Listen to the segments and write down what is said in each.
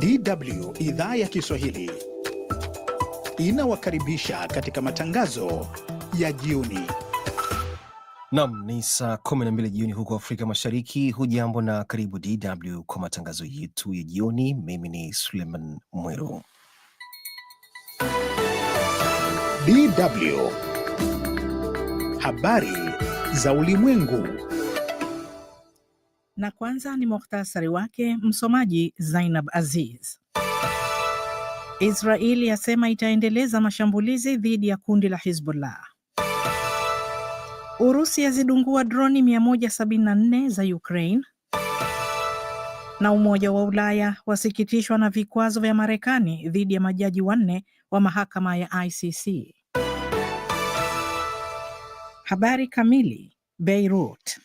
DW idhaa ya Kiswahili inawakaribisha katika matangazo ya jioni. Nam ni saa 12 jioni huko Afrika Mashariki. Hujambo na karibu DW kwa matangazo yetu ya jioni. Mimi ni Suleiman Mweru. DW habari za ulimwengu na kwanza ni muhtasari wake, msomaji Zainab Aziz. Israeli yasema itaendeleza mashambulizi dhidi ya kundi la Hizbullah. Urusi yazidungua droni 174 za Ukraine. Na Umoja wa Ulaya wasikitishwa na vikwazo vya Marekani dhidi ya majaji wanne wa mahakama ya ICC. Habari kamili. Beirut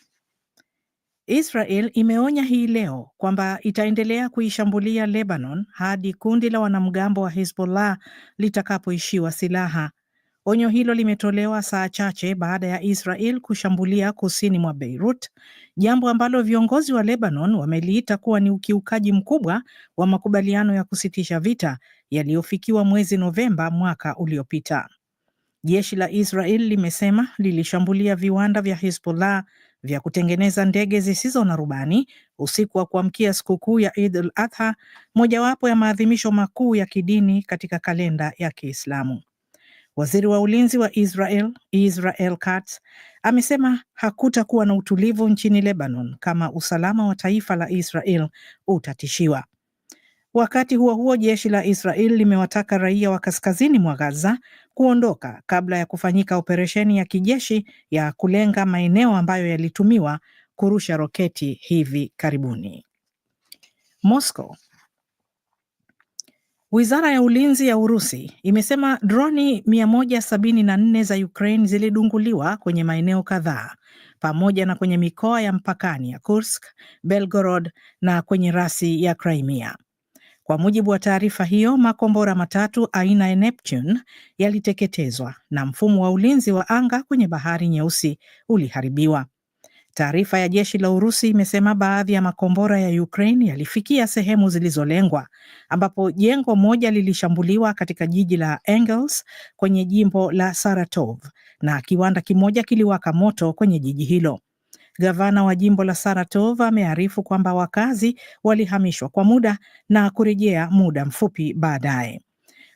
Israel imeonya hii leo kwamba itaendelea kuishambulia Lebanon hadi kundi la wanamgambo wa Hezbollah litakapoishiwa silaha. Onyo hilo limetolewa saa chache baada ya Israel kushambulia kusini mwa Beirut, jambo ambalo viongozi wa Lebanon wameliita kuwa ni ukiukaji mkubwa wa makubaliano ya kusitisha vita yaliyofikiwa mwezi Novemba mwaka uliopita. Jeshi la Israel limesema lilishambulia viwanda vya Hezbollah vya kutengeneza ndege zisizo na rubani usiku wa kuamkia sikukuu ya Eid al Adha, mojawapo ya maadhimisho makuu ya kidini katika kalenda ya Kiislamu. Waziri wa ulinzi wa Israel Israel Katz amesema hakutakuwa na utulivu nchini Lebanon kama usalama wa taifa la Israel utatishiwa. Wakati huo huo, jeshi la Israel limewataka raia wa kaskazini mwa Gaza kuondoka kabla ya kufanyika operesheni ya kijeshi ya kulenga maeneo ambayo yalitumiwa kurusha roketi hivi karibuni. Moscow. Wizara ya ulinzi ya Urusi imesema droni 174 za Ukraine zilidunguliwa kwenye maeneo kadhaa pamoja na kwenye mikoa ya mpakani ya Kursk, Belgorod na kwenye rasi ya Crimea. Kwa mujibu wa taarifa hiyo, makombora matatu aina ya Neptune yaliteketezwa na mfumo wa ulinzi wa anga kwenye Bahari Nyeusi uliharibiwa. Taarifa ya jeshi la Urusi imesema baadhi ya makombora ya Ukraine yalifikia sehemu zilizolengwa, ambapo jengo moja lilishambuliwa katika jiji la Engels kwenye jimbo la Saratov na kiwanda kimoja kiliwaka moto kwenye jiji hilo. Gavana wa jimbo la saratov amearifu kwamba wakazi walihamishwa kwa muda na kurejea muda mfupi baadaye.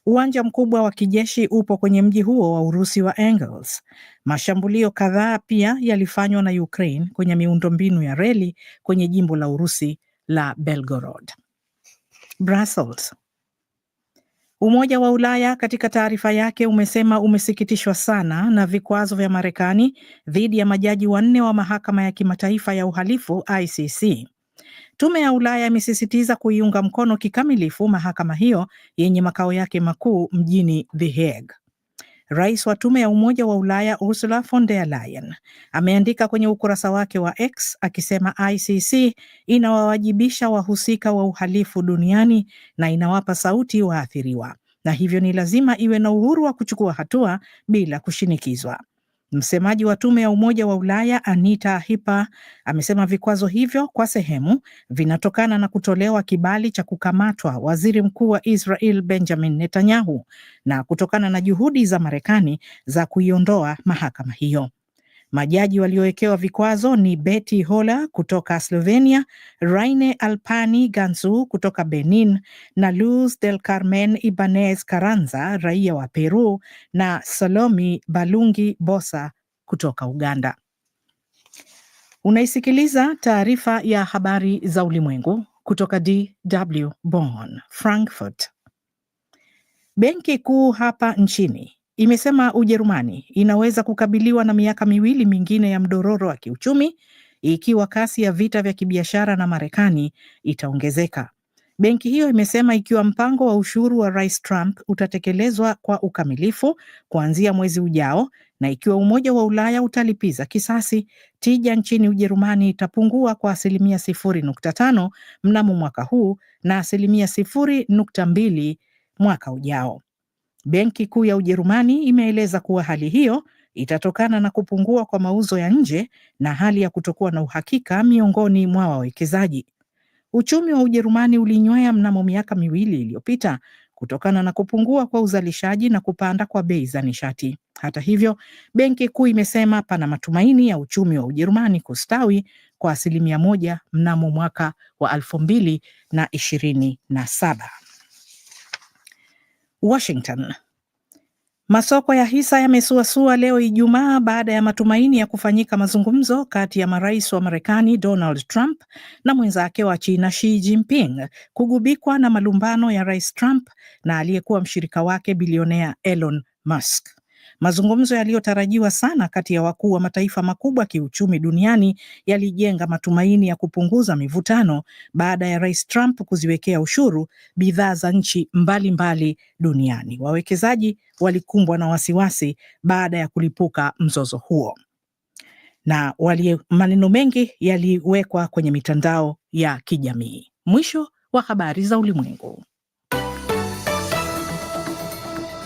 Uwanja mkubwa wa kijeshi upo kwenye mji huo wa Urusi wa Engels. Mashambulio kadhaa pia yalifanywa na Ukraine kwenye miundombinu ya reli kwenye jimbo la Urusi la Belgorod. Brussels. Umoja wa Ulaya katika taarifa yake umesema umesikitishwa sana na vikwazo vya Marekani dhidi ya majaji wanne wa mahakama ya kimataifa ya uhalifu ICC. Tume ya Ulaya imesisitiza kuiunga mkono kikamilifu mahakama hiyo yenye makao yake makuu mjini The Hague. Rais wa Tume ya Umoja wa Ulaya Ursula von der Leyen ameandika kwenye ukurasa wake wa X akisema ICC inawawajibisha wahusika wa uhalifu duniani na inawapa sauti waathiriwa na hivyo ni lazima iwe na uhuru wa kuchukua hatua bila kushinikizwa. Msemaji wa tume ya Umoja wa Ulaya Anita Hipa amesema vikwazo hivyo kwa sehemu vinatokana na kutolewa kibali cha kukamatwa waziri mkuu wa Israel Benjamin Netanyahu na kutokana na juhudi za Marekani za kuiondoa mahakama hiyo. Majaji waliowekewa vikwazo ni Betty Hola kutoka Slovenia, Raine Alpani Gansu kutoka Benin na Luz del Carmen Ibanez karanza raia wa Peru na Salomi Balungi Bosa kutoka Uganda. Unaisikiliza taarifa ya habari za ulimwengu kutoka DW Bonn, Frankfurt. Benki kuu hapa nchini imesema Ujerumani inaweza kukabiliwa na miaka miwili mingine ya mdororo wa kiuchumi ikiwa kasi ya vita vya kibiashara na Marekani itaongezeka. Benki hiyo imesema ikiwa mpango wa ushuru wa Rais Trump utatekelezwa kwa ukamilifu kuanzia mwezi ujao na ikiwa Umoja wa Ulaya utalipiza kisasi, tija nchini Ujerumani itapungua kwa asilimia sifuri nukta tano mnamo mwaka huu na asilimia sifuri nukta mbili mwaka ujao. Benki Kuu ya Ujerumani imeeleza kuwa hali hiyo itatokana na kupungua kwa mauzo ya nje na hali ya kutokuwa na uhakika miongoni mwa wawekezaji. Uchumi wa Ujerumani ulinywea mnamo miaka miwili iliyopita kutokana na kupungua kwa uzalishaji na kupanda kwa bei za nishati. Hata hivyo, benki kuu imesema pana matumaini ya uchumi wa Ujerumani kustawi kwa asilimia moja mnamo mwaka wa elfu mbili na ishirini na saba. Washington. Masoko ya hisa yamesuasua leo Ijumaa baada ya matumaini ya kufanyika mazungumzo kati ya marais wa Marekani Donald Trump na mwenzake wa China Xi Jinping kugubikwa na malumbano ya Rais Trump na aliyekuwa mshirika wake bilionea Elon Musk. Mazungumzo yaliyotarajiwa sana kati ya wakuu wa mataifa makubwa kiuchumi duniani yalijenga matumaini ya kupunguza mivutano baada ya Rais Trump kuziwekea ushuru bidhaa za nchi mbalimbali mbali duniani. Wawekezaji walikumbwa na wasiwasi baada ya kulipuka mzozo huo na wali, maneno mengi yaliwekwa kwenye mitandao ya kijamii. Mwisho wa habari za ulimwengu.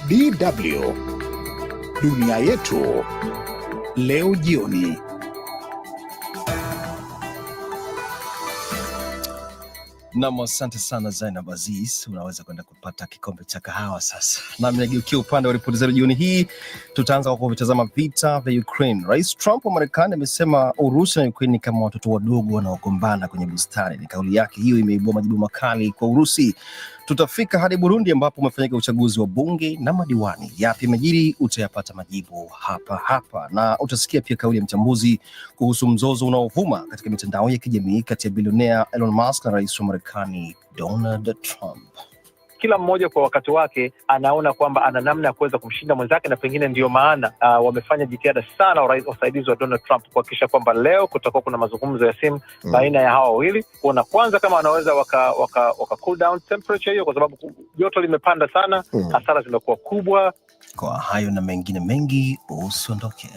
DW Dunia Yetu leo jioni. Nam, asante sana Zainab Aziz, unaweza kwenda kupata kikombe cha kahawa sasa. Nami nageukia upande wa ripoti zetu jioni hii. Tutaanza kwa kuvitazama vita vya Ukraine. Rais Trump wa Marekani amesema Urusi na Ukraine ni kama watoto wadogo wanaogombana kwenye bustani. Ni kauli yake hiyo, imeibua majibu makali kwa Urusi tutafika hadi Burundi ambapo umefanyika uchaguzi wa bunge na madiwani. Yapi majiri utayapata majibu hapa hapa, na utasikia pia kauli ya mchambuzi kuhusu mzozo unaovuma katika mitandao ya kijamii kati ya bilionea Elon Musk na rais wa Marekani Donald Trump kila mmoja kwa wakati wake anaona kwamba ana namna ya kuweza kumshinda mwenzake, na pengine ndiyo maana uh, wamefanya jitihada sana wasaidizi wa Donald Trump kuhakikisha kwamba leo kutakuwa kuna mazungumzo ya simu mm. baina ya hawa wawili kuona kwanza kama wanaweza waka, waka, waka cool down temperature hiyo, kwa sababu joto limepanda sana mm. hasara zimekuwa kubwa. Kwa hayo na mengine mengi, usiondoke.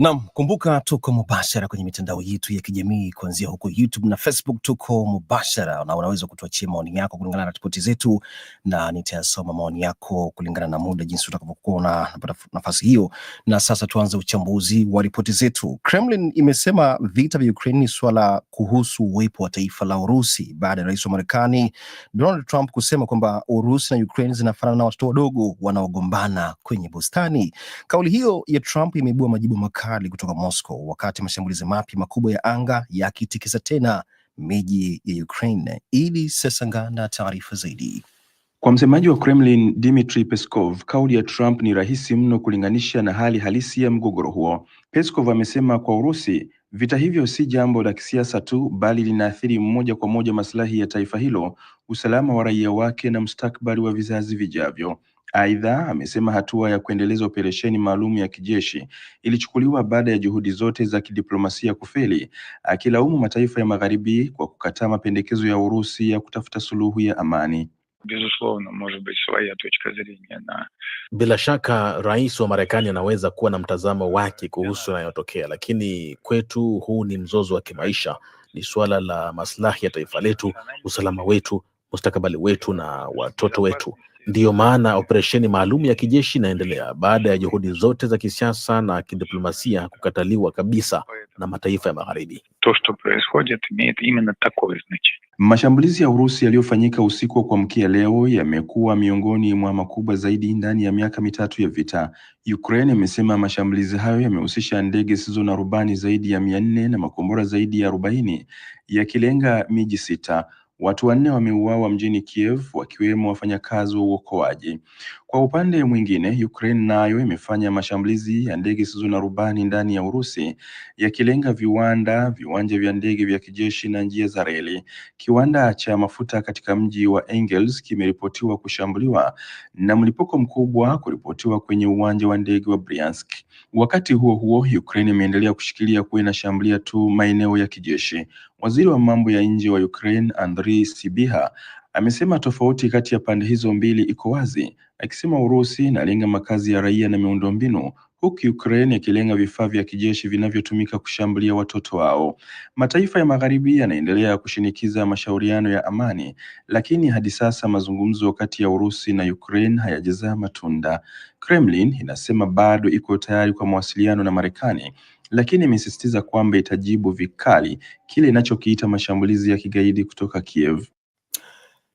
Naam, kumbuka tuko mubashara kwenye mitandao yetu ya kijamii kuanzia huko YouTube na Facebook, tuko mubashara na unaweza kutuachia maoni yako kulingana na ripoti zetu, na nitayasoma maoni yako kulingana na muda, jinsi utakavyokuwa na nafasi hiyo. Na sasa tuanze uchambuzi wa ripoti zetu. Kremlin imesema vita vya Ukraine ni swala kuhusu uwepo wa taifa la Urusi baada ya rais wa Marekani Donald Trump kusema kwamba Urusi na Ukraine zinafanana na watoto wadogo wanaogombana kwenye bustani. Kauli hiyo ya Trump imeibua majibu makali vikali kutoka Moscow wakati mashambulizi mapya makubwa ya anga yakitikisa tena miji ya Ukraine. Ili Sesangana taarifa zaidi. Kwa msemaji wa Kremlin Dmitry Peskov, kauli ya Trump ni rahisi mno kulinganisha na hali halisi ya mgogoro huo. Peskov amesema kwa Urusi vita hivyo si jambo la kisiasa tu, bali linaathiri moja kwa moja maslahi ya taifa hilo, usalama wa raia wake na mustakabali wa vizazi vijavyo. Aidha, amesema hatua ya kuendeleza operesheni maalum ya kijeshi ilichukuliwa baada ya juhudi zote za kidiplomasia kufeli, akilaumu mataifa ya magharibi kwa kukataa mapendekezo ya Urusi ya kutafuta suluhu ya amani. Bila shaka rais wa Marekani anaweza kuwa na mtazamo wake kuhusu yanayotokea, lakini kwetu huu ni mzozo wa kimaisha, ni suala la maslahi ya taifa letu, usalama wetu, mustakabali wetu na watoto wetu. Ndiyo maana operesheni maalum ya kijeshi inaendelea baada ya juhudi zote za kisiasa na kidiplomasia kukataliwa kabisa na mataifa ya Magharibi. Mashambulizi ya Urusi yaliyofanyika usiku wa kuamkia leo yamekuwa miongoni mwa makubwa zaidi ndani ya miaka mitatu ya vita. Ukraine imesema mashambulizi hayo yamehusisha ndege zisizo na rubani zaidi ya mia nne na makombora zaidi ya arobaini yakilenga miji sita. Watu wanne wameuawa mjini Kiev wakiwemo wafanyakazi wa uokoaji. Kwa upande mwingine, Ukraine nayo imefanya mashambulizi ya ndege zisizo na rubani ndani ya Urusi yakilenga viwanda, viwanja vya ndege vya kijeshi na njia za reli. Kiwanda cha mafuta katika mji wa Engels kimeripotiwa kushambuliwa na mlipuko mkubwa kuripotiwa kwenye uwanja wa ndege wa Bryansk. Wakati huo huo, Ukraine imeendelea kushikilia kuwa inashambulia tu maeneo ya kijeshi Waziri wa mambo ya nje wa Ukraine Andrii Sibiha amesema tofauti kati ya pande hizo mbili iko wazi, akisema Urusi inalenga makazi ya raia na miundombinu huku Ukraine ikilenga vifaa vya kijeshi vinavyotumika kushambulia watoto wao. Mataifa ya Magharibi yanaendelea kushinikiza mashauriano ya amani, lakini hadi sasa mazungumzo kati ya Urusi na Ukraine hayajazaa matunda. Kremlin inasema bado iko tayari kwa mawasiliano na Marekani lakini imesisitiza kwamba itajibu vikali kile inachokiita mashambulizi ya kigaidi kutoka Kiev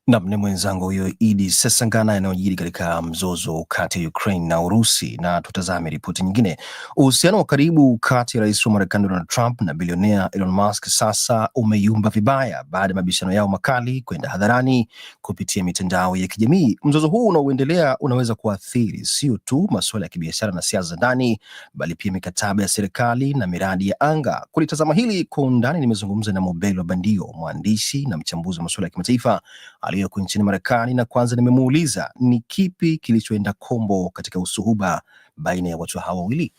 Nam ni mwenzangu huyo Idi Sesangana yanayojiri katika mzozo kati ya Ukraine na Urusi. Na tutazame ripoti nyingine. Uhusiano wa karibu kati ya rais wa Marekani Donald Trump na bilionea Elon Musk sasa umeyumba vibaya baada ya mabishano yao makali kwenda hadharani kupitia mitandao ya kijamii. Mzozo huu unaoendelea unaweza kuathiri sio tu masuala ya kibiashara na siasa za ndani, bali pia mikataba ya serikali na miradi ya anga. Kulitazama hili kwa undani, nimezungumza na Mobelwa Bandio, mwandishi na mchambuzi wa masuala ya kimataifa aliyoko nchini Marekani, na kwanza nimemuuliza ni kipi kilichoenda kombo katika usuhuba baina ya watu hawa wawili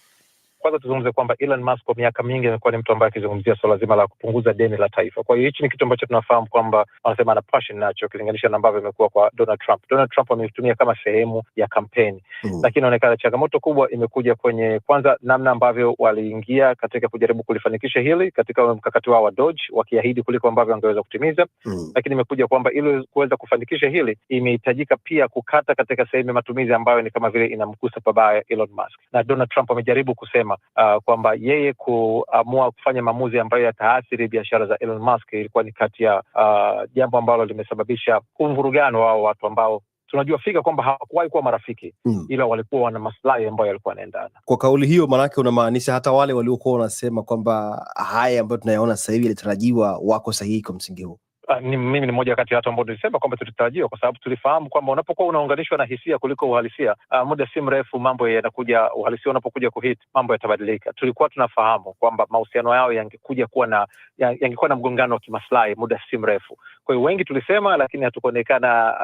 kwanza tuzungumze kwamba Elon Musk kwa miaka mingi amekuwa ni mtu ambaye akizungumzia swala so zima la kupunguza deni la taifa. Kwa hiyo hichi ni kitu ambacho tunafahamu kwamba wanasema ana passion nacho, ukilinganisha na ambavyo imekuwa kwa Donald Trump. Donald Trump ameitumia kama sehemu ya kampeni mm. Lakini inaonekana changamoto kubwa imekuja kwenye kwanza, namna ambavyo waliingia katika kujaribu kulifanikisha hili katika mkakati wao wa Doge, wakiahidi kuliko ambavyo wangeweza kutimiza mm. Lakini imekuja kwamba ili kuweza kufanikisha hili imehitajika pia kukata katika sehemu ya matumizi ambayo ni kama vile inamgusa pabaya Elon Musk, na Donald Trump amejaribu kusema kwamba uh, kwamba yeye kuamua kufanya maamuzi ambayo yataathiri biashara za Elon Musk ilikuwa ni kati ya uh, jambo ambalo limesababisha umvurugano wao watu ambao tunajua fika kwamba hawakuwahi kuwa marafiki hmm. ila walikuwa wana maslahi ambayo yalikuwa anaendana Kwa kauli hiyo, maanake unamaanisha hata wale waliokuwa wanasema kwamba haya ambayo tunayaona sasa hivi yalitarajiwa wako sahihi kwa msingi huu Ah, ni, mimi ni mmoja kati ya watu ambao nilisema kwamba tulitarajiwa, kwa sababu tulifahamu kwamba unapokuwa unaunganishwa na hisia kuliko uhalisia, uh, muda si mrefu mambo yanakuja, uhalisia unapokuja kuhit mambo yatabadilika. Tulikuwa tunafahamu kwamba mahusiano yao yangekuja kuwa na yangekuwa na mgongano wa kimaslahi muda si mrefu. Kwa hiyo wengi tulisema, lakini hatukuonekana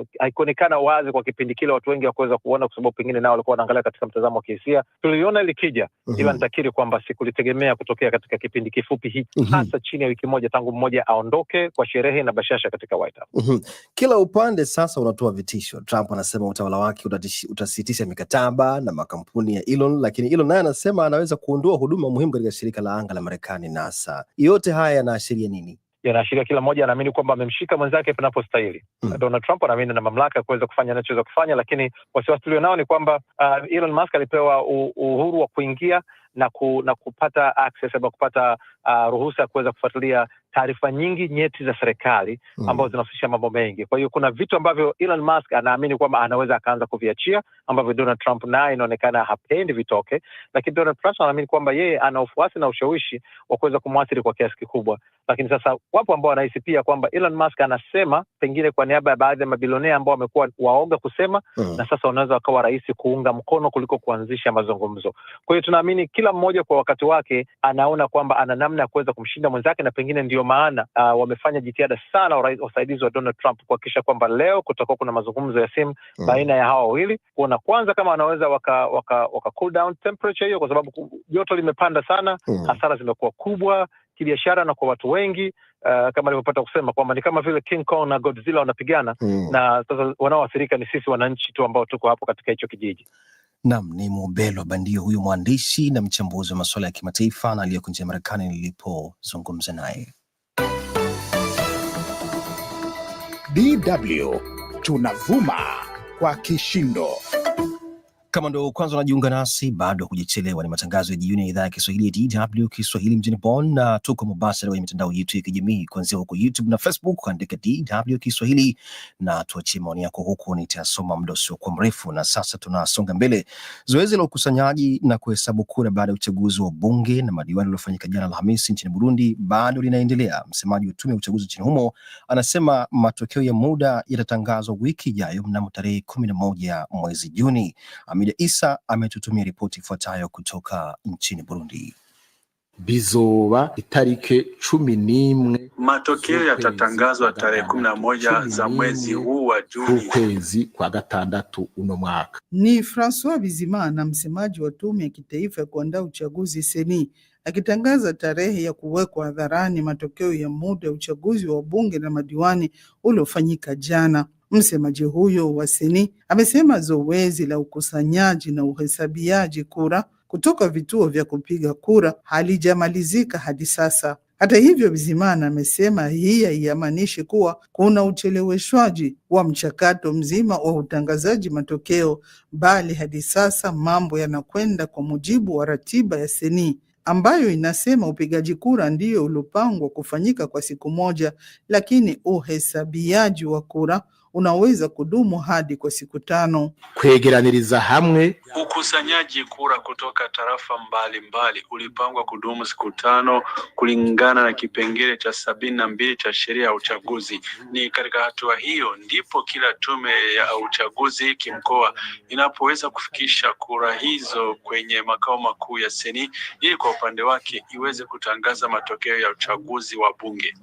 uh, haikuonekana wazi kwa kipindi kile watu wengi wakuweza kuona, kwa sababu pengine nao walikuwa wanaangalia katika mtazamo wa kihisia. Tuliona likija mm -hmm. ila nitakiri kwamba sikulitegemea kutokea katika kipindi kifupi hiki mm hmm hasa chini ya wiki moja tangu mmoja aondoke kwa sherehe na bashasha katika White House. Mm -hmm. Kila upande sasa unatoa vitisho. Trump anasema utawala wake utasitisha mikataba na makampuni ya Elon, lakini Elon naye anasema anaweza kuondoa huduma muhimu katika shirika la anga la Marekani NASA. Yote haya yanaashiria nini? Yanaashiria kila mmoja anaamini kwamba amemshika mwenzake panapostahili. Mm. Donald Trump anaamini na mamlaka ya kuweza kufanya anachoweza kufanya, lakini wasiwasi tulio nao ni kwamba uh, Elon Musk alipewa uhuru wa kuingia na, ku, na kupata access ama kupata uh, ruhusa ya kuweza kufuatilia taarifa nyingi nyeti za serikali mm. ambazo zinahusisha mambo mengi. Kwa hiyo kuna vitu ambavyo Elon Musk anaamini kwamba anaweza akaanza kuviachia ambavyo Donald Trump naye inaonekana hapendi vitoke, lakini Donald Trump anaamini kwamba yeye ana ufuasi na ushawishi wa kuweza kumwathiri kwa kiasi kikubwa. Lakini sasa wapo ambao wanahisi pia kwamba Elon Musk anasema pengine kwa niaba ya baadhi ya mabilionea ambao wamekuwa waoga kusema mm, na sasa wanaweza wakawa rahisi kuunga mkono kuliko kuanzisha mazungumzo. Kwa hiyo tunaamini kila mmoja kwa wakati wake anaona kwamba ana namna ya kuweza kumshinda mwenzake na pengine ndio ndio maana uh, wamefanya jitihada sana wasaidizi wa Donald Trump kuhakikisha kwamba leo kutakuwa kuna mazungumzo ya simu mm. baina ya hawa wawili kuona kwanza kama wanaweza waka, waka, waka cool down temperature hiyo, kwa sababu joto limepanda sana mm. hasara zimekuwa kubwa kibiashara na kwa watu wengi. Uh, kama alivyopata kusema kwamba ni kama vile King Kong na Godzilla wanapigana mm. na sasa wanaoathirika ni sisi wananchi tu ambao tuko hapo katika hicho kijiji. Nam ni Mobelwa Bandio, huyu mwandishi na mchambuzi wa masuala ya kimataifa na aliyeko ya Marekani nilipozungumza naye. DW tunavuma kwa kishindo. Kama ndo kwanza unajiunga nasi, bado hujachelewa. Ni matangazo ya jioni ya idhaa ya Kiswahili ya DW Kiswahili mjini Bonn, na tuko Mombasa kwenye mitandao yetu ya kijamii, kuanzia huko YouTube na Facebook, andika DW Kiswahili na tuachie maoni yako huko, nitasoma muda usiokuwa mrefu. Na sasa tunasonga mbele. Zoezi la ukusanyaji na kuhesabu kura baada ya uchaguzi wa bunge na madiwani uliofanyika jana Alhamisi nchini Burundi bado linaendelea. Msemaji wa tume ya uchaguzi nchini humo anasema matokeo ya muda yatatangazwa wiki ijayo mnamo tarehe kumi na moja mwezi Juni. Hamida Isa ametutumia ripoti ifuatayo kutoka nchini Burundi. Bizoba itarike chumi nimwe. Matokeo yatatangazwa tarehe kumi na moja za mwezi huu wa Juni, ukwezi kwa gatandatu uno mwaka. Ni Francois Bizimana, msemaji wa tume ya kitaifa ya kuandaa uchaguzi seni akitangaza tarehe ya kuwekwa hadharani matokeo ya muda ya uchaguzi wa bunge na madiwani uliofanyika jana. Msemaji huyo wa Seni amesema zoezi la ukusanyaji na uhesabiaji kura kutoka vituo vya kupiga kura halijamalizika hadi sasa. Hata hivyo, Bizimana amesema hii haimaanishi kuwa kuna ucheleweshwaji wa mchakato mzima wa utangazaji matokeo, bali hadi sasa mambo yanakwenda kwa mujibu wa ratiba ya Seni ambayo inasema upigaji kura ndiyo uliopangwa kufanyika kwa siku moja, lakini uhesabiaji wa kura unaweza kudumu hadi kwa siku tano. Kwegeraniriza hamwe ukusanyaji kura kutoka tarafa mbalimbali mbali ulipangwa kudumu siku tano kulingana na kipengele cha sabini na mbili cha sheria ya uchaguzi. Ni katika hatua hiyo ndipo kila tume ya uchaguzi kimkoa inapoweza kufikisha kura hizo kwenye makao makuu ya seni ili kwa upande wake iweze kutangaza matokeo ya uchaguzi wa bunge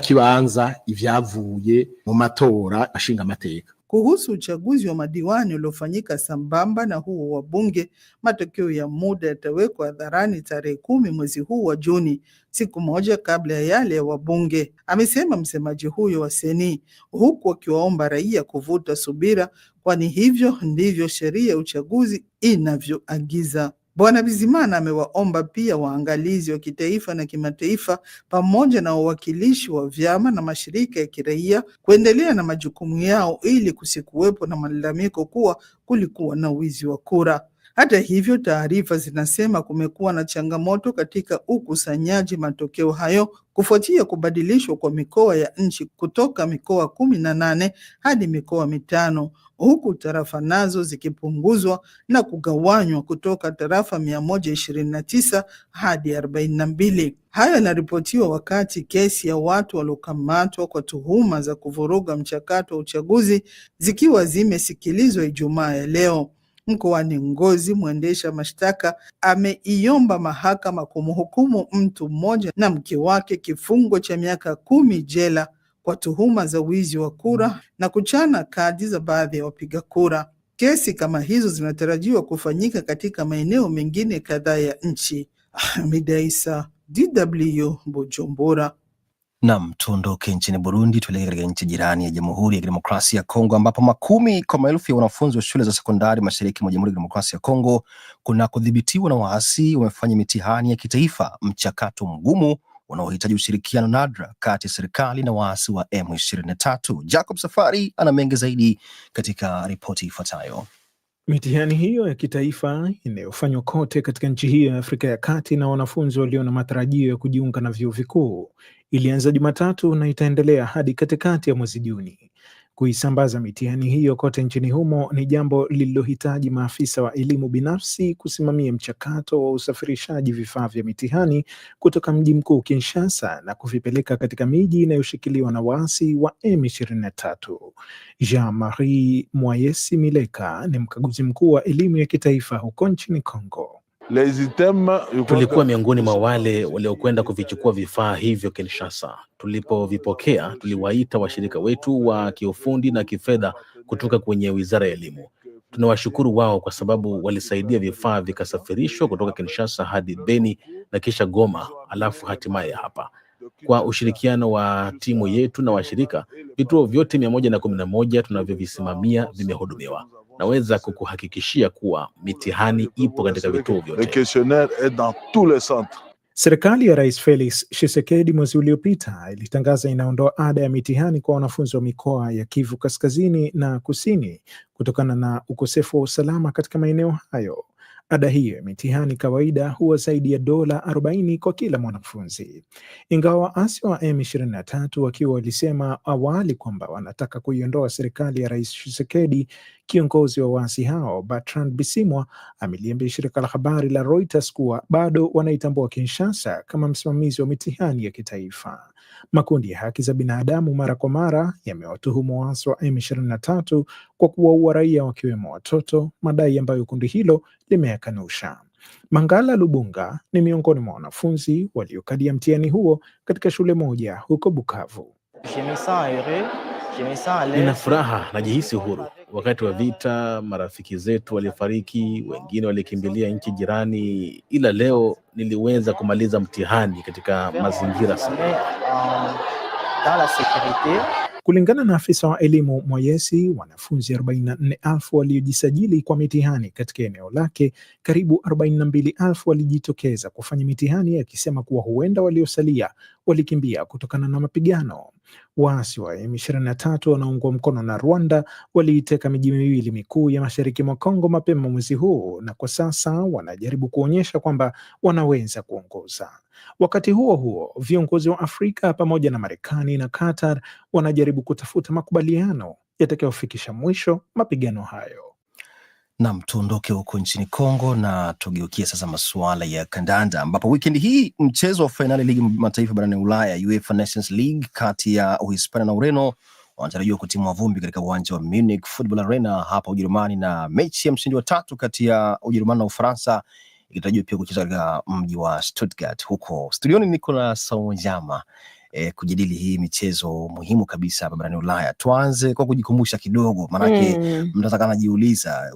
kibanza ivyavuye mu matora ashinga amateka kuhusu uchaguzi wa madiwani uliofanyika sambamba na huo wa bunge. Matokeo ya muda yatawekwa hadharani tarehe kumi mwezi huu wa Juni, siku moja kabla ya yale ya wabunge, amesema msemaji huyo wa Seni, huku akiwaomba raia kuvuta subira, kwani hivyo ndivyo sheria ya uchaguzi inavyoagiza. Bwana Bizimana amewaomba pia waangalizi wa kitaifa na kimataifa pamoja na wawakilishi wa vyama na mashirika ya kiraia kuendelea na majukumu yao ili kusikuwepo na malalamiko kuwa kulikuwa na wizi wa kura. Hata hivyo, taarifa zinasema kumekuwa na changamoto katika ukusanyaji matokeo hayo kufuatia kubadilishwa kwa mikoa ya nchi kutoka mikoa kumi na nane hadi mikoa mitano huku tarafa nazo zikipunguzwa na kugawanywa kutoka tarafa 129 hadi 42. Hayo yanaripotiwa wakati kesi ya watu waliokamatwa kwa tuhuma za kuvuruga mchakato wa uchaguzi zikiwa zimesikilizwa Ijumaa ya leo. Mkoani Ngozi, mwendesha mashtaka ameiomba mahakama kumhukumu mtu mmoja na mke wake kifungo cha miaka kumi jela kwa tuhuma za wizi wa kura mm. na kuchana kadi za baadhi ya wapiga kura. Kesi kama hizo zinatarajiwa kufanyika katika maeneo mengine kadhaa ya nchi. Ahmed Isa, DW, Bujumbura. Nam, tuondoke nchini Burundi tuelekee katika nchi jirani ya Jamhuri ya Kidemokrasia ya Kongo, ambapo makumi kwa maelfu ya wanafunzi wa shule za sekondari mashariki mwa Jamhuri ya Kidemokrasia ya Kongo kunakodhibitiwa na waasi wamefanya mitihani ya kitaifa, mchakato mgumu wanaohitaji ushirikiano nadra kati ya serikali na waasi wa M23. Jacob Safari ana mengi zaidi katika ripoti ifuatayo. Mitihani hiyo ya kitaifa inayofanywa kote katika nchi hiyo ya Afrika ya Kati na wanafunzi walio na matarajio ya kujiunga na vyuo vikuu ilianza Jumatatu na itaendelea hadi katikati ya mwezi Juni. Kuisambaza mitihani hiyo kote nchini humo ni jambo lililohitaji maafisa wa elimu binafsi kusimamia mchakato wa usafirishaji vifaa vya mitihani kutoka mji mkuu Kinshasa na kuvipeleka katika miji inayoshikiliwa na waasi wa M23. Jean-Marie Mwayesi Mileka ni mkaguzi mkuu wa elimu ya kitaifa huko nchini congo Tulikuwa miongoni mwa wale waliokwenda kuvichukua vifaa hivyo Kinshasa. Tulipovipokea, tuliwaita washirika wetu wa kiufundi na kifedha kutoka kwenye Wizara ya Elimu. Tunawashukuru wao kwa sababu walisaidia vifaa vikasafirishwa kutoka Kinshasa hadi Beni na kisha Goma, alafu hatimaye hapa. Kwa ushirikiano wa timu yetu na washirika, vituo vyote mia moja na kumi na moja tunavyovisimamia vimehudumiwa naweza kukuhakikishia kuwa mitihani ipo katika vituo vyote. Serikali ya Rais Felix Tshisekedi mwezi uliopita ilitangaza inaondoa ada ya mitihani kwa wanafunzi wa mikoa ya Kivu Kaskazini na Kusini kutokana na ukosefu wa usalama katika maeneo hayo. Ada hiyo ya mitihani kawaida huwa zaidi ya dola 40 kwa kila mwanafunzi. Ingawa waasi wa M23 wakiwa walisema awali kwamba wanataka kuiondoa serikali ya Rais Tshisekedi, kiongozi wa waasi hao Bertrand Bisimwa ameliambia shirika la habari la Reuters kuwa bado wanaitambua Kinshasa kama msimamizi wa mitihani ya kitaifa. Makundi ya haki za binadamu mara kwa mara yamewatuhumu waasi wa M23 kwa kuwaua raia wakiwemo watoto, madai ambayo kundi hilo limeyakanusha. Mangala Lubunga ni miongoni mwa wanafunzi waliokadia mtihani huo katika shule moja huko Bukavu. Nina furaha, najihisi huru. Wakati wa vita, marafiki zetu walifariki, wengine walikimbilia nchi jirani, ila leo niliweza kumaliza mtihani katika mazingira salama. Kulingana na afisa wa elimu Mwayesi, wanafunzi 44,000 waliojisajili kwa mitihani katika eneo lake, karibu 42,000 walijitokeza kufanya mitihani, akisema kuwa huenda waliosalia walikimbia kutokana na mapigano. Waasi wa M23 wanaungwa mkono na Rwanda waliiteka miji miwili mikuu ya mashariki mwa Kongo mapema mwezi huu na kwa sasa wanajaribu kuonyesha kwamba wanaweza kuongoza. Wakati huo huo, viongozi wa Afrika pamoja na Marekani na Qatar wanajaribu kutafuta makubaliano yatakayofikisha mwisho mapigano hayo. Nam, tuondoke huko nchini Kongo na tugeukie sasa masuala ya kandanda, ambapo wikendi hii mchezo wa fainali ligi mataifa barani Ulaya, UEFA Nations League, kati ya Uhispania na Ureno wanatarajiwa kutimua vumbi katika uwanja wa Munich Football Arena hapa Ujerumani, na mechi ya mshindi wa tatu kati ya Ujerumani na Ufaransa ikitarajiwa pia kucheza katika mji wa Stuttgart. Huko studioni niko na Saonjama eh, kujadili hii michezo muhimu kabisa hapa barani Ulaya. Tuanze kwa kujikumbusha kidogo, maanake mm. mtu ataka anajiuliza,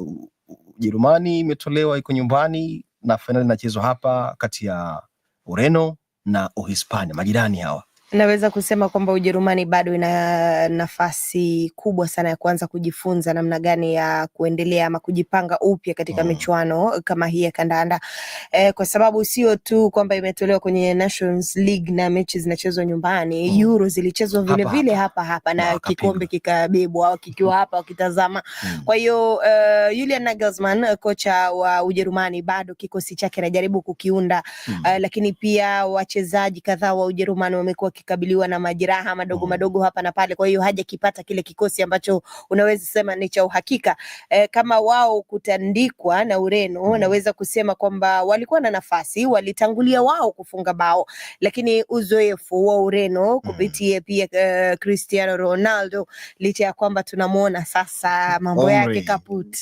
Ujerumani imetolewa iko nyumbani na fainali inachezwa hapa kati ya Ureno na Uhispania, majirani hawa naweza kusema kwamba Ujerumani bado ina nafasi kubwa sana ya kuanza kujifunza namna gani ya kuendelea ama kujipanga upya katika mm. michuano kama hii ya kandanda eh, kwa sababu sio tu kwamba imetolewa kwenye Nations League na mechi zinachezwa nyumbani mm. Euro zilichezwa vilevile hapa hapa na kikombe kikabebwa au kikiwa mm. hapa wakitazama mm. kwa hiyo uh, Julian Nagelsmann kocha wa Ujerumani bado kikosi chake anajaribu kukiunda mm. uh, lakini pia wachezaji kadhaa wa Ujerumani wamekuwa akikabiliwa na majeraha madogo mm-hmm. madogo hapa na pale, kwa hiyo hajakipata kile kikosi ambacho unaweza sema ni cha uhakika e, kama wao kutandikwa na Ureno, mm-hmm. naweza kusema kwamba walikuwa na nafasi, walitangulia wao kufunga bao, lakini uzoefu wa Ureno mm-hmm. kupitia pia uh, Cristiano Ronaldo, licha ya kwamba tunamwona sasa mambo yake kaput,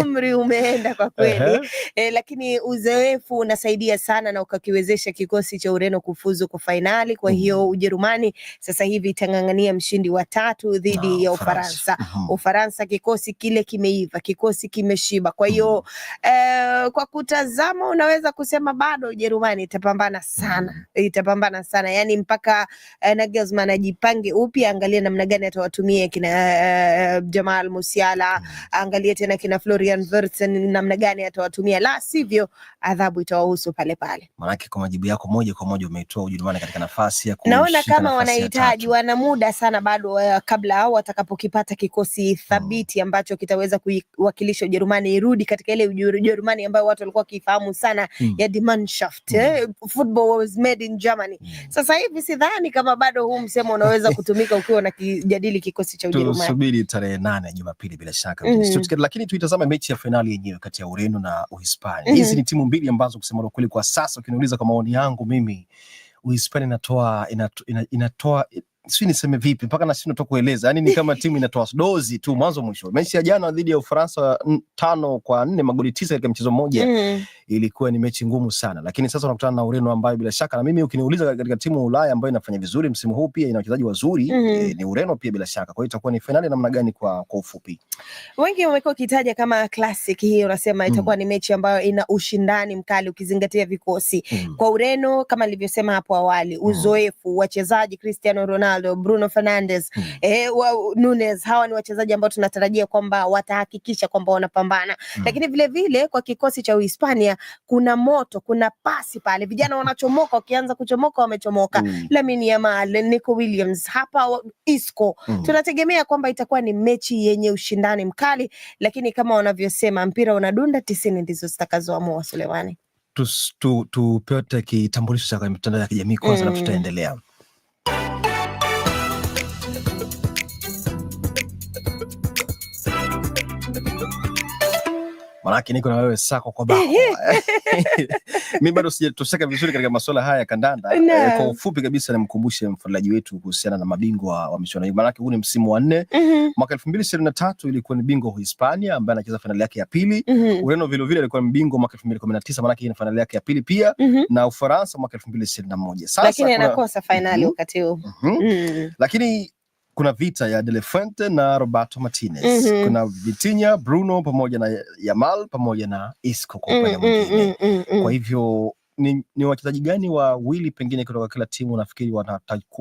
umri umeenda kwa kweli uh-huh. E, lakini uzoefu unasaidia sana na ukakiwezesha kikosi cha Ureno kufuzu kwa fainali. Kwa hiyo Ujerumani sasa hivi itang'ang'ania mshindi wa tatu dhidi no, ya Ufaransa. Ufaransa, mhm. Ufaransa kikosi kile kimeiva, kikosi kimeshiba. Kwa hiyo mm. eh, kwa kutazama unaweza kusema bado Ujerumani itapambana sana mm. itapambana sana yani mpaka eh, Nagelsmann ajipange upya, angalie namna gani atawatumia kina eh, Jamal Musiala mm. angalie tena kina Florian Wirtz namna gani atawatumia, la sivyo adhabu itawahusu pale pale. manake kwa majibu yako moja kwa moja umeitoa Ujerumani katika nafasi ya ku naona kama wanahitaji, wana muda sana bado eh, kabla au watakapokipata kikosi mm. thabiti ambacho kitaweza kuwakilisha Ujerumani irudi katika ile Ujerumani ambayo watu walikuwa wakifahamu sana mm. ya Die Mannschaft mm. eh, football was made in Germany mm. Sasa hivi sidhani kama bado huu msemo unaweza kutumika ukiwa unakijadili kikosi cha Ujerumani. Tusubiri tarehe nane Jumapili bila shaka mm Lakini tuitazame mechi ya fainali yenyewe kati ya Ureno na Uhispania. Mm-hmm. Hizi mm -hmm. ni timu mbili ambazo kusema kweli kwa sasa, ukiniuliza kwa maoni yangu mimi Uhispania inatoa inatoa, inatoa si niseme vipi mpaka na sina kueleza. Yani ni kama timu inatoa dozi tu mwanzo mwisho. Mechi ya jana dhidi ya Ufaransa tano kwa nne magoli tisa katika mchezo mmoja mm. Ilikuwa ni mechi ngumu sana, lakini sasa unakutana na Ureno ambayo bila shaka na mimi ukiniuliza katika timu ya Ulaya ambayo inafanya vizuri msimu huu pia ina wachezaji wazuri mm. E, ni Ureno pia bila shaka. Kwa hiyo itakuwa ni fainali namna gani? Kwa, kwa ufupi, wengi wamekuwa wakitaja kama classic hii, unasema mm. itakuwa mm. ni mechi ambayo ina ushindani mkali ukizingatia vikosi mm. kwa Ureno kama nilivyosema hapo awali, mm. uzoefu mm. wachezaji Cristiano Ronaldo Ronaldo, Bruno Fernandes, mm. eh, Nunes, hawa ni wachezaji ambao tunatarajia kwamba watahakikisha kwamba wanapambana mm. Lakini vilevile kwa kikosi cha Uhispania kuna moto, kuna pasi pale, vijana wanachomoka, wakianza kuchomoka wamechomoka mm. Lamine Yamal, Nico Williams hapa Isco mm. Tunategemea kwamba itakuwa ni mechi yenye ushindani mkali, lakini kama wanavyosema mpira unadunda, tisini ndizo zitakazoamua Sulemani. Tupate kitambulisho cha mitandao ya kijamii kwanza, mm. na hmm. tutaendelea. Manake niko na wewe sako kwa bako. Mimi bado sijatoseka vizuri katika masuala haya ya kandanda. no. Eh, kwa ufupi kabisa nimkumbushe mfuatiliaji wetu kuhusiana na mabingwa wa michuano hii. Manake huu ni msimu wa nne. Mm -hmm. Mwaka 2023 ilikuwa ni bingwa wa Hispania ambaye anacheza finali yake ya pili. Mm -hmm. Ureno vile vile ilikuwa ni bingwa mwaka 2019 manake hii ni finali yake ya pili pia. Mm -hmm. Na Ufaransa mwaka 2021. Sasa lakini anakosa finali mhm. wakati huu. Mhm. mm mm mm -hmm. -hmm. -hmm. Lakini kuna vita ya De Fuente na Roberto Martinez mm -hmm. kuna Vitinha, Bruno pamoja na Yamal pamoja na Isco kwa upande mm, mm, mwingine mm -hmm. kwa hivyo ni, ni wachezaji gani wawili pengine kutoka kila timu nafikiri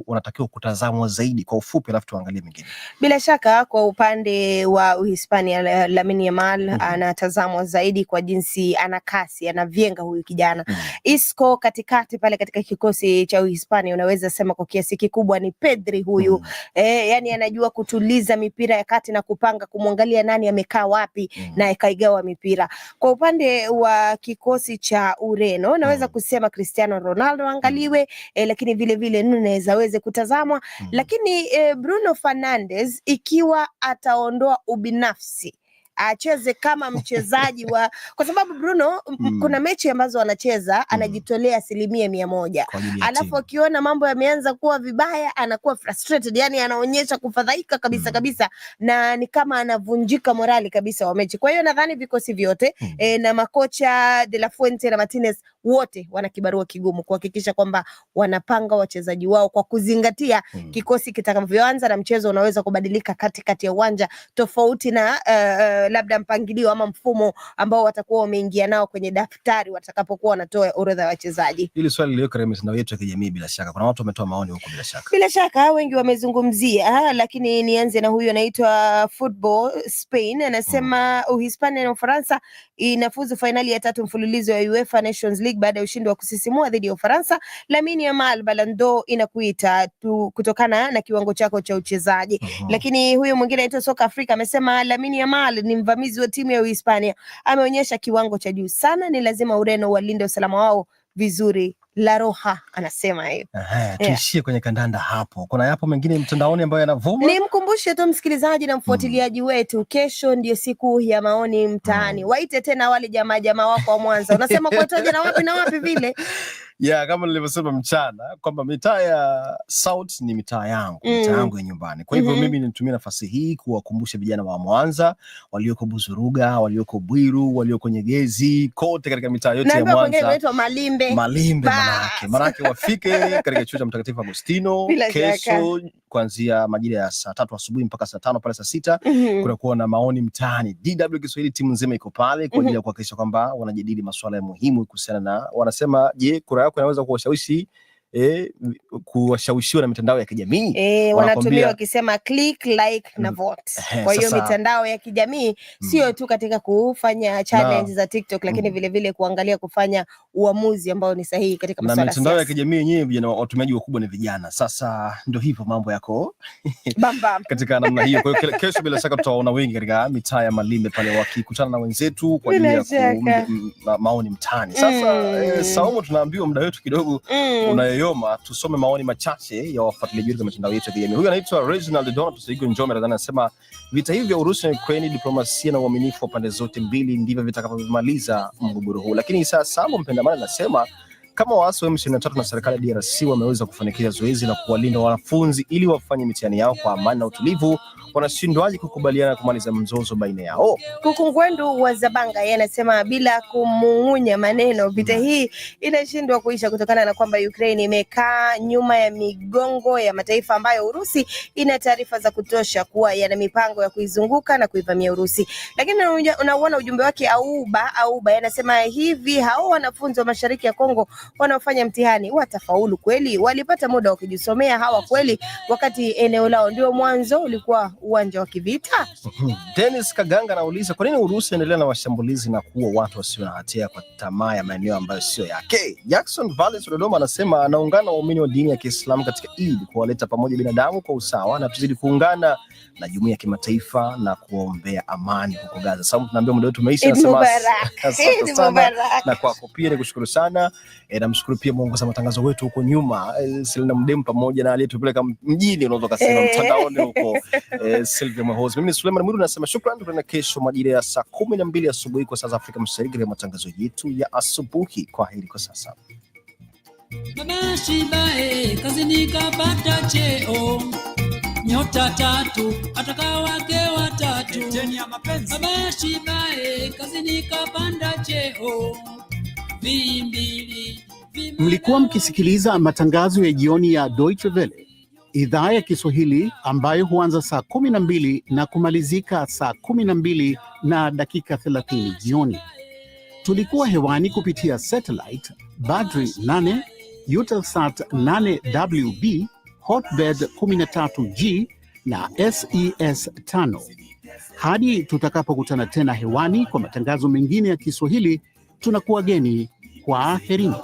wanatakiwa kutazamwa zaidi kwa ufupi, alafu tuangalie mengine. Bila shaka kwa upande wa Uhispania, Lamine Yamal mm -hmm. anatazamwa zaidi kwa jinsi ana kasi, anavyenga huyu kijana mm -hmm. Isco katikati pale katika kikosi cha Uhispania, unaweza sema kwa kiasi kikubwa ni Pedri huyu mm -hmm. E, yani anajua kutuliza mipira ya kati na kupanga, kumwangalia nani amekaa wapi mm -hmm. na ikaigawa mipira. Kwa upande wa kikosi cha Ureno unaweza naweza kusema Cristiano Ronaldo angaliwe mm. eh, lakini vile vile Nunes aweze kutazamwa mm Lakini eh, Bruno Fernandes ikiwa ataondoa ubinafsi acheze kama mchezaji wa, kwa sababu Bruno mm. kuna mechi ambazo anacheza hmm. anajitolea asilimia mia moja, alafu akiona mambo yameanza kuwa vibaya anakuwa frustrated, yani anaonyesha kufadhaika kabisa mm. kabisa, na ni kama anavunjika morali kabisa wa mechi. Kwa hiyo nadhani vikosi vyote mm. e, na makocha De La Fuente na Martinez wote wana kibarua kigumu kuhakikisha kwamba wanapanga wachezaji wao kwa kuzingatia mm. kikosi kitakavyoanza, na mchezo unaweza kubadilika katikati ya uwanja tofauti na uh, Eh, labda mpangilio ama mfumo ambao watakuwa wameingia nao kwenye daftari watakapokuwa wanatoa orodha ya wachezaji. Hili swali lililo katika mitandao yetu ya kijamii, bila shaka kuna watu wametoa maoni huko, bila shaka bila shaka wengi wamezungumzia, lakini nianze na huyu anaitwa Football Spain anasema hmm, Uhispania na Ufaransa inafuzu fainali ya tatu mfululizo ya UEFA Nations League baada ya ushindi wa kusisimua dhidi ya Ufaransa. Lamine Yamal Ballon d'Or inakuita tu kutokana na kiwango chako cha uchezaji. Hmm, lakini huyu mwingine anaitwa Soka Afrika amesema Lamine Yamal ni ni mvamizi wa timu ya Uhispania, ameonyesha kiwango cha juu sana. Ni lazima Ureno walinde usalama wao vizuri. La Roha anasema hiyo. Tuishie yeah, kwenye kandanda hapo. Kuna yapo mengine mtandaoni ambayo yanavuma. Nimkumbushe tu msikilizaji na mfuatiliaji mm, wetu, kesho ndio siku ya maoni mtaani mm. Waite tena wale jamaa jamaa wako wa Mwanza, unasema kuwatoja na wapi na wapi vile yeah, kama nilivyosema mchana kwamba mitaa ya South ni mitaa yangu mm. mitaa yangu ya nyumbani. Kwa hivyo mm -hmm. mimi nitumia nafasi hii kuwakumbusha vijana wa Mwanza walioko Buzuruga, walioko Bwiru, walioko Nyegezi, kote katika mitaa yote ya Mwanza, Malimbe, Malimbe manake manake wafike katika chuo cha Mtakatifu Agostino kesho kuanzia majira ya saa tatu asubuhi mpaka saa tano pale saa sita mm -hmm. kutakuwa na maoni mtaani. DW Kiswahili timu nzima iko pale kwa ajili ya mm-hmm. kuhakikisha kwamba wanajadili masuala ya muhimu kuhusiana na wanasema, je, kura Corel. Corel a um eh, kuwashawishiwa na mitandao ya kijamii e, eh, wanatumia wakisema click like na mm. vote. Kwa hiyo mitandao ya kijamii sio mm. tu katika kufanya challenge za TikTok, lakini vilevile mm. vile kuangalia kufanya uamuzi ambao ni sahihi katika masuala ya mitandao ya kijamii yenyewe. Vijana watumiaji wakubwa ni vijana. Sasa ndio hivyo mambo yako katika namna hiyo. Kwa hiyo kesho bila shaka tutawaona wengi katika mitaa ya Malimbe pale wakikutana na wenzetu kwa ajili ya maoni mtaani. Sasa eh, Saumu, tunaambiwa muda wetu kidogo una Kayoma. Tusome maoni machache ya wafuatiliaji wetu kwa mitandao yetu ya kijamii. Huyu anaitwa Reginald Donatus Igo Njomera anasema vita hivi vya Urusi na Ukraini, diplomasia na uaminifu wa pande zote mbili ndivyo vitakavyomaliza mgogoro huu. Lakini sasa Sambo Mpendamana anasema kama waasi wa M23 na serikali ya DRC wameweza kufanikisha zoezi la kuwalinda wanafunzi ili wafanye mitihani yao kwa amani na utulivu, wanashindwaje kukubaliana kumaliza mzozo baina yao? Kukungwendu wa Zabanga anasema bila kumung'unya maneno, vita mm-hmm. hii inashindwa kuisha kutokana na kwamba Ukraine imekaa nyuma ya migongo ya mataifa ambayo Urusi ina taarifa za kutosha kuwa yana mipango ya kuizunguka na kuivamia Urusi. Lakini unauona ujumbe wake Auba Auba yanasema hivi, hao wanafunzi wa mashariki ya Kongo wanaofanya mtihani watafaulu kweli? Walipata muda wa kujisomea hawa kweli, wakati eneo lao ndio mwanzo ulikuwa uwanja wa kivita? Mm-hmm. Dennis Kaganga anauliza kwa nini Urusi endelea na washambulizi na kuua watu wasio na hatia kwa tamaa ya maeneo ambayo sio yake. Jackson Valles Dodoma anasema anaungana waumini wa dini ya Kiislamu katika Eid kuwaleta pamoja binadamu kwa usawa na tuzidi kuungana na jumuiya ya kimataifa na kuwaombea amani huko Gaza. Sababu tunaambia muda wetu umeisha, nasema asante sana na kwako pia ni kushukuru sana e, namshukuru pia mwongoza matangazo wetu huko nyuma e, Selina Mdemu pamoja na aliyetupeleka mjini, unaweza kusema eh. mtandaoni huko e, Silvia Mahoz. Mimi ni Suleiman Mwiru nasema shukrani, tutaona kesho majira ya saa kumi na mbili asubuhi kwa saa za Afrika Mashariki katika matangazo yetu ya asubuhi. Kwa heri kwa sasa. Nimeshiba, eh, kazini kapata cheo nyota tatu ataka wake watatu, cheni ya mapenzi baba shibae eh, kazini kapanda cheo vimbili. Mlikuwa mkisikiliza matangazo ya jioni ya Deutsche Welle idhaa ya Kiswahili ambayo huanza saa kumi na mbili na kumalizika saa kumi na mbili na dakika thelathini jioni. Tulikuwa hewani kupitia satellite Badri 8 utelsat 8 WB hotbed 13G na SES 5 e hadi tutakapokutana tena hewani kwa matangazo mengine ya Kiswahili, tunakuwa geni kwa herini.